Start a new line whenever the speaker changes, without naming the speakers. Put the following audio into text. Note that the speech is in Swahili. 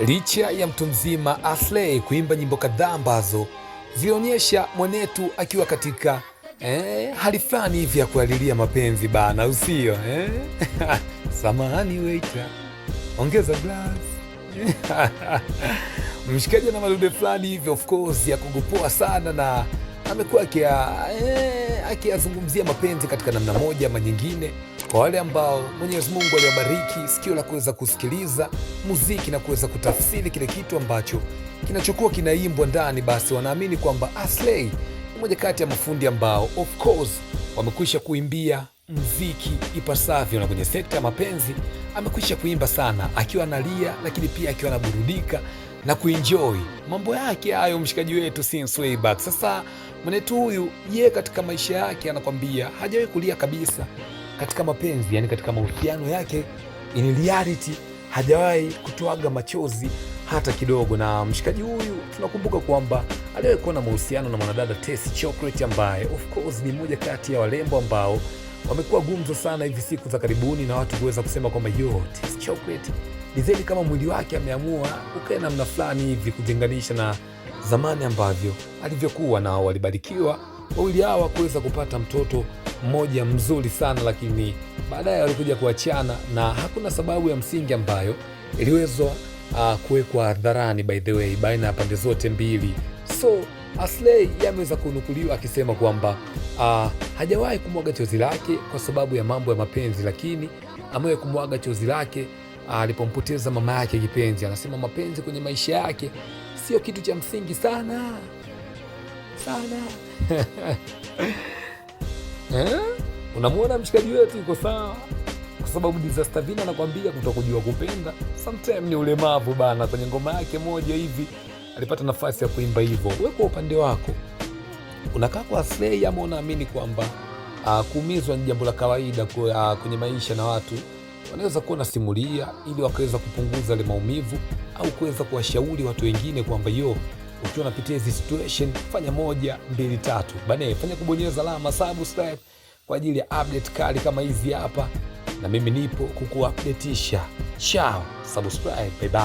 Licha ya mtu mzima Aslay kuimba nyimbo kadhaa ambazo zilionyesha mwenetu akiwa katika eh, hali fulani hivi ya kualilia mapenzi bana, usio eh? Samahani waiter, ongeza glass mshikaji na madude fulani hivyo, of course ya kugupoa sana, na amekuwa akiyazungumzia eh, mapenzi katika namna moja ama nyingine. Kwa wale ambao Mwenyezi Mungu aliwabariki sikio la kuweza kusikiliza muziki na kuweza kutafsiri kile kitu ambacho kinachokuwa kinaimbwa ndani, basi wanaamini kwamba Aslay ni moja kati ya mafundi ambao of course wamekwisha kuimbia mziki ipasavyo, na kwenye sekta ya mapenzi amekwisha kuimba sana, akiwa analia lakini pia akiwa anaburudika na kuenjoy mambo yake hayo, mshikaji wetu since way back. Sasa mwenetu huyu, ye katika maisha yake anakwambia hajawahi kulia kabisa katika mapenzi, yani katika mahusiano yake in reality hajawahi kutoaga machozi hata kidogo. Na mshikaji huyu tunakumbuka kwamba aliwahi kuwa na mahusiano na mwanadada Tess Chocolate ambaye of course ni mmoja kati ya warembo ambao wamekuwa gumzo sana hivi siku za karibuni, na watu kuweza kusema kwamba yo Tess Chocolate ni zaidi kama mwili wake ameamua ukae namna fulani hivi kujenganisha na zamani ambavyo alivyokuwa, na walibarikiwa wawili hawa kuweza kupata mtoto mmoja mzuri sana, lakini baadaye walikuja kuachana na hakuna sababu ya msingi ambayo iliwezwa uh, kuwekwa hadharani by the way baina ya pande zote mbili. So Aslay yameweza kunukuliwa akisema kwamba uh, hajawahi kumwaga chozi lake kwa sababu ya mambo ya mapenzi, lakini amewahi kumwaga chozi lake ah, alipompoteza mama yake kipenzi. Anasema mapenzi kwenye maisha yake sio kitu cha msingi sana sana eh? Unamwona mshikaji wetu iko sawa, kwa sababu Disaster Vina anakwambia kutokujua kupenda sometimes ni ulemavu bana. Kwenye ngoma yake moja hivi alipata nafasi ya kuimba hivyo. Wewe kwa upande wako unakaa kwa Slay ama unaamini kwamba uh, kuumizwa ni jambo la kawaida kwa, uh, kwenye maisha na watu wanaweza kuwa nasimulia ili wakaweza kupunguza yale maumivu au kuweza kuwashauri watu wengine kwamba yo ukiwa unapitia hizi situation, fanya moja mbili tatu bane, fanya kubonyeza alama subscribe kwa ajili ya update kali kama hizi hapa, na mimi nipo kukuupdateisha. Chao, subscribe, bye bye.